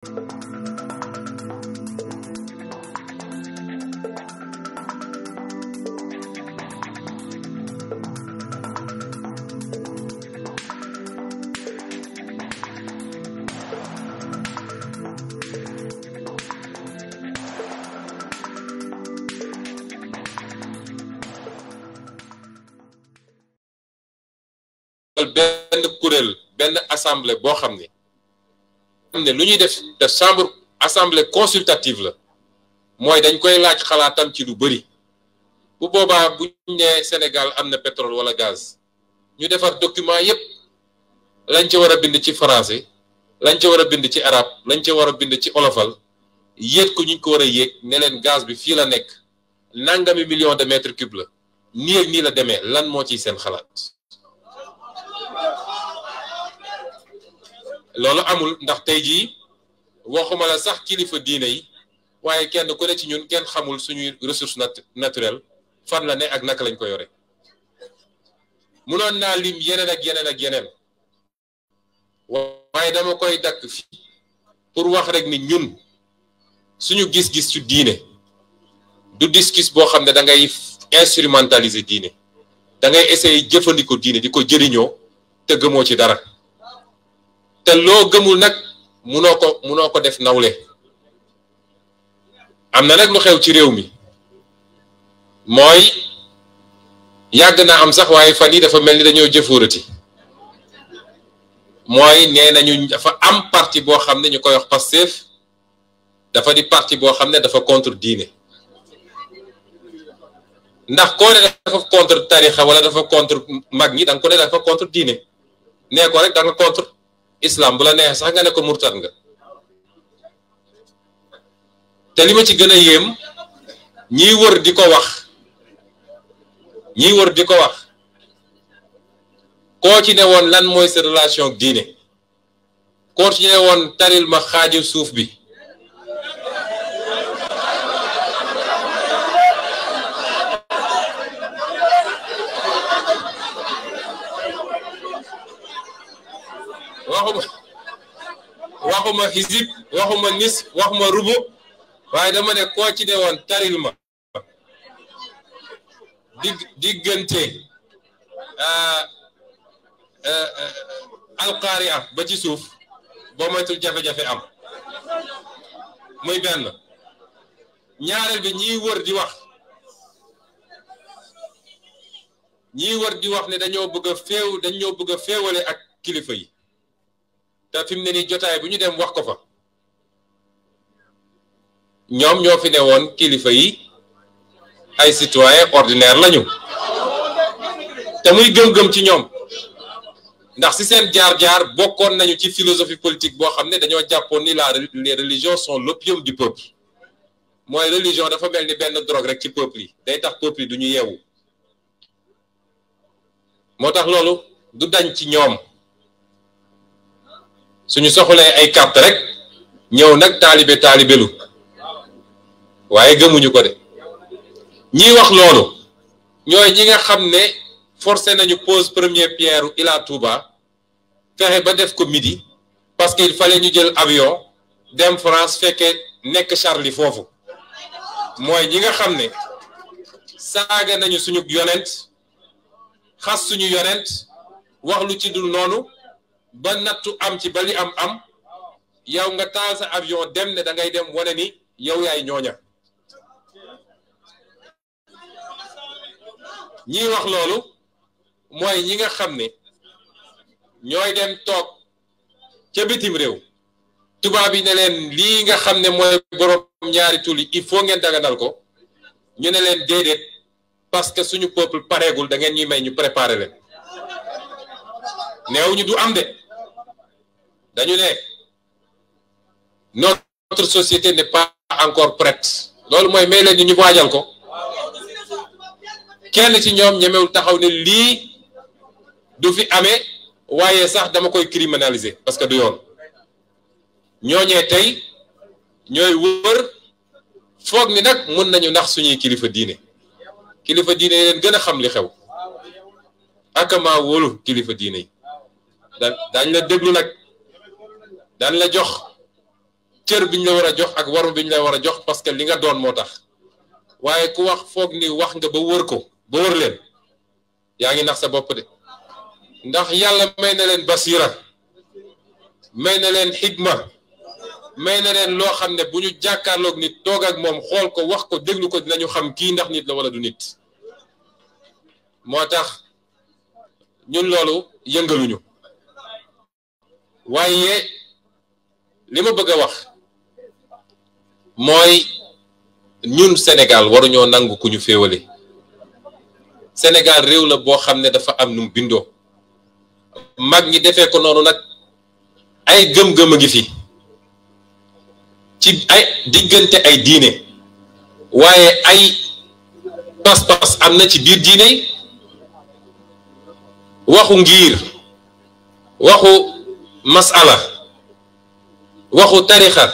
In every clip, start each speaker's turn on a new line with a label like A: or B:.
A: benn kuréel benn assemblée boo xam ne ne lu ñuy def te chambre assemblée consultative la mooy dañ koy laaj xalaatam ci lu bëri bu boobaa bu ñu nee Sénégal am na pétrole wala gaz ñu defar document yépp lañ ca war a bind ci français lañ ca war a bind ci arabe lañ ca war a bind ci olofal yéeg ko ñu ko war a yéeg neleen gaz bi fii la nekk nangami million de mètres cubes la nii ak nii la demee lan moo ciy seen xalaat loolu amul ndax tey jii waxuma la sax kilifa diine yi waaye kenn ku ne ci ñun kenn xamul suñuy ressource naturelle fan la ne ak naka lañ ko yore munoon naa lim yeneen ak yeneen ak yeneen waaye dama koy dakk fii pour wax rek ni ñun suñu gis-gis ci diine du discuss boo xam ne da ngay instrumentaliser diine da ngay essayer jëfandikoo diine di ko jëriñoo te gëmoo ci dara loo gëmul nag munoo ko munoo ko def nawle am na nag lu xew ci réew mi mooy yàgg na am sax waaye fan yi dafa mel ni dañoo jëfóorati mooy nee nañu dafa am parti boo xam ne ñu koy wax Pastef dafa di parti boo xam ne dafa contre diine ndax koo ne dafa contre tarixa wala dafa contre mag ñi da ko ne dafa contre diine nee ko rek da contre islam bu la neexee sax nga ne ko murtad nga te li ma ci gën a yéem ñiy wër di ko wax ñiy wër di ko wax koo ci ne woon lan mooy sa relation diine koo ci ne woon taril ma xaaju suuf bi waxuma xisib waxuma nis waxuma rubu waaye dama ne koo ci ne woon taril ma dig diggante ah, ah, ba ci suuf boo moytul jafe-jafe am muy benn ñaareel bi ñiy wër di wax ñiy wër di wax ne dañoo bëgg a féew dañoo bëgg ak kilifa yi te fi mu ne nii jotaay bu ñu dem wax ko fa ñoom ñoo fi ne woon kilifa yi ay citoyen ordinaire lañu te muy gëm-gëm ci ñoom ndax si seen jaar-jaar bokkoon nañu ci philosophie politique boo xam ne dañoo jàppoon ni la les religions sont l'opium du peuple mooy religion dafa mel ni benn drogue rek ci peuple yi day tax peuple yi du ñu yeewu moo tax loolu du dañ ci ñoom suñu soxlee ay carte rek ñëw nag taalibe lu waaye gëmuñu ko de ñiy wax loolu ñooy ñi nga xam ne forcé nañu pose premier pierre u Ila Touba fexe ba def ko midi parce qu'il fallait ñu jël avion dem France fekkee nekk Charlie foofu mooy ñi nga xam ne saaga nañu suñu yonent xas suñu yonent wax lu ci dul noonu ba nattu am ci ba li am am yow nga taal sa avion dem ne da ngay dem wane ni yow yaay ñooña ñiy wax loolu mooy ñi nga xam ne ñooy dem toog ca bitim réew tubaab yi ne leen li nga xam ne mooy borom ñaari tur il faut ngeen daganal ko ñu ne leen déedéet parce que suñu popul pareegul da ngeen ñuy may ñu préparer leen néew ñu du am de. dañu ne notre société n'est pas encore prête loolu mooy may leen ñu ñu waajal ko kenn ci ñoom ñemewul taxaw ne lii du fi amee waaye sax dama koy criminaliser parce que du yoon ñooñee tey ñooy wër foog ni nag mën nañu nax suñuy kilifa diine kilifa diine yi leen gën a xam li xew ak wóolu kilifa diine yi da la déglu nag daan la jox cër biñ la war a jox ak waru biñ la war a jox parce que li nga doon moo tax waaye ku wax foog ni wax nga ba wër ko ba wër leen yaa ngi nax sa bopp de ndax yàlla may na leen basira may na leen xigma may na leen loo xam ne bu ñu jàkkaarloog nit toog ak moom xool ko wax ko déglu ko dinañu xam kii ndax nit la wala du nit moo tax ñun loolu yëngaluñu waaye li ma bëgg wax mooy ñun Sénégal waruñoo nangu ku ñu féewale Sénégal réew la boo xam ne dafa am nu mu bindoo mag ngi defee ko noonu nag ay gëm-gëm a ngi fi ci ay diggante ay diine waaye ay pas-pas am na ci biir diine yi waxu ngir waxu masala waxu tarixa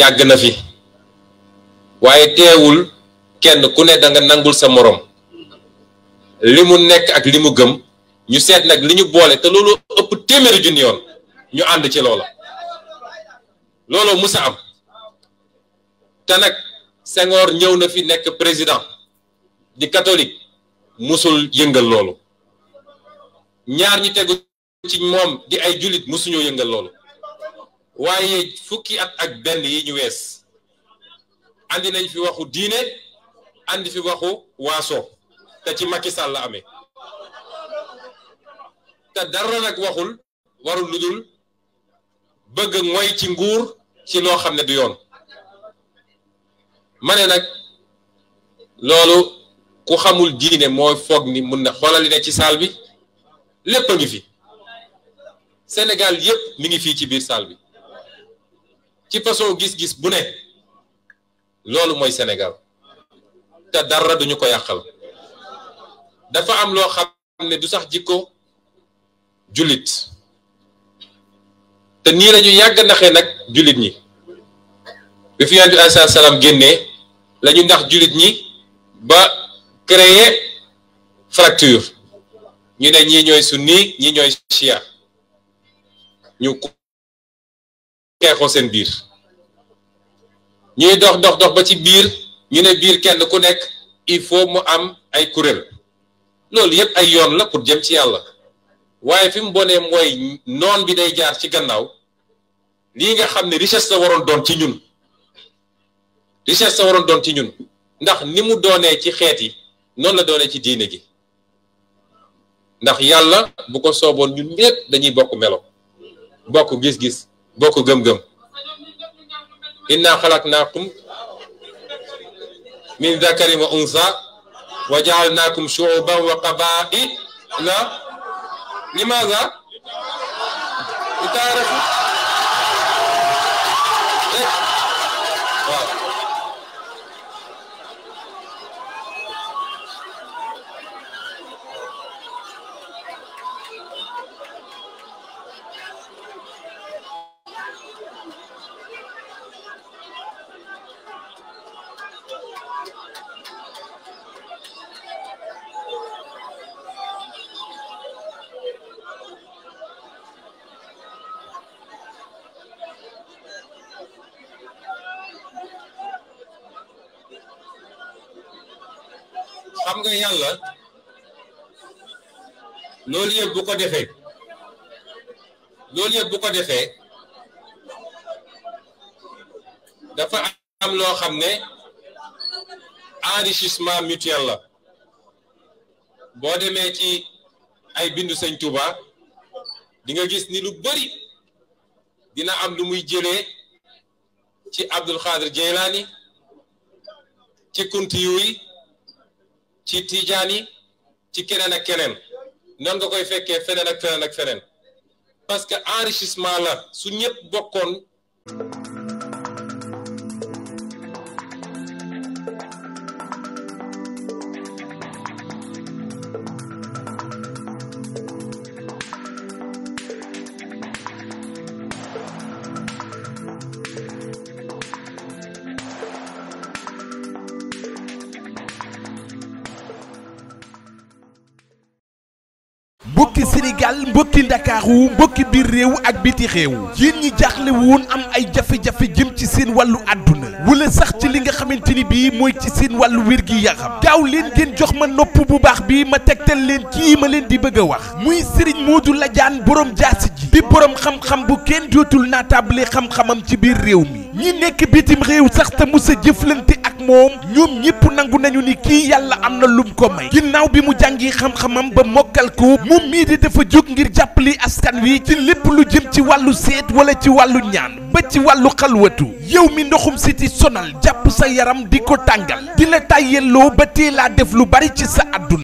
A: yàgg na fi waaye teewul kenn ku ne da nga nangul sa moroom li mu nekk ak li mu gëm ñu seet nag li ñu boole te loolu ëpp téeméeri junni yoon ñu ànd ci loola looloo musa am te nag Senghor ñëw na fi nekk président di katolik musul yëngal loolu ñaar ñu tegu ci moom di ay jullit musuñoo yëngal loolu waaye fukki at ak benn yi ñu wees andi nañ fi waxu diine andi fi waxu waaso te ci Macky Sall la amee te dara nag waxul warul lu dul bëgg mooy ci nguur ci loo xam ne du yoon ma nag loolu ku xamul diine mooy foog ni mun na xoolali ci saal bi lépp a ngi fi senegal yépp mi ngi fii ci biir saal bi ci façon gis-gis bu ne loolu mooy Sénégal te dara duñu ko yàqal dafa am loo xam ne du sax jikko julit te nii lañu yàgg naxee nag julit ñi bi fi yonent bi salaam génnee la ñu ndax julit ñi ba créer fracture ñu ne ñii ñooy sunni ñii ñooy chia ñu xeexoo seen biir ñuy dox dox dox ba ci biir ñu ne biir kenn ku nekk il faut mu am ay kuréel loolu yëpp ay yoon la pour jëm ci yàlla waaye fi mu bonee mooy noon bi day jaar ci gannaaw lii nga xam ne richesse la waroon doon ci ñun richesse la doon ci ñun ndax ni mu doonee ci xeet yi noonu la doonee ci diine gi ndax yàlla bu ko sooboon ñun ñëpp dañuy bokk melo bokk gis-gis بوكو جم جم إنا خلقناكم من ذكر وأنثى وجعلناكم شعوبا وقبائل لا لماذا؟ تعرفوا xam nga yàlla loolu yëpp bu ko defee loolu bu ko defee dafa am loo xam ne enrichissement mutuel la boo demee ci ay bindu sëñ Touba di nga gis ni lu bari dina am lu muy jëlee ci Abdul Xaadir Jeylaani ci kunti yuy ci tijaan yi ci keneen ak keneen noonu nga koy fekkee feneen ak feneen ak feneen parce que enrichissement la su ñëpp bokkoon mbokki Sénégal mbokki Ndakaaru mbokki biir réew ak biti réew yéen ñi jaaxle woon am ay jafe-jafe jëm ci seen wàllu àdduna wala sax ci li nga xamante ni bii mooy ci seen wàllu wér gi yaram gaaw leen geen jox ma nopp bu baax bi ma tegtal leen kii ma leen di bëgg a wax muy Serigne Modou Ladiane borom jaasi ji di borom xam-xam bu kenn dootul naataable xam-xamam ci biir réew mi ñi nekk bitim réew sax te mu sa jëflante moom ñoom ñëpp nangu nañu ni kii yàlla am na lum ko may ginnaaw bi mu jàngi xam-xamam ba mokkal ko moom mii di dafa jóg ngir jàppali askan wi ci lépp lu jëm ci wàllu seet wala ci wàllu ñaan ba ci wàllu xalwatu yow mi ndoxum siti sonal jàpp sa yaram di ko tàngal di la tàyyelloo ba tee laa def lu bari ci sa àdduna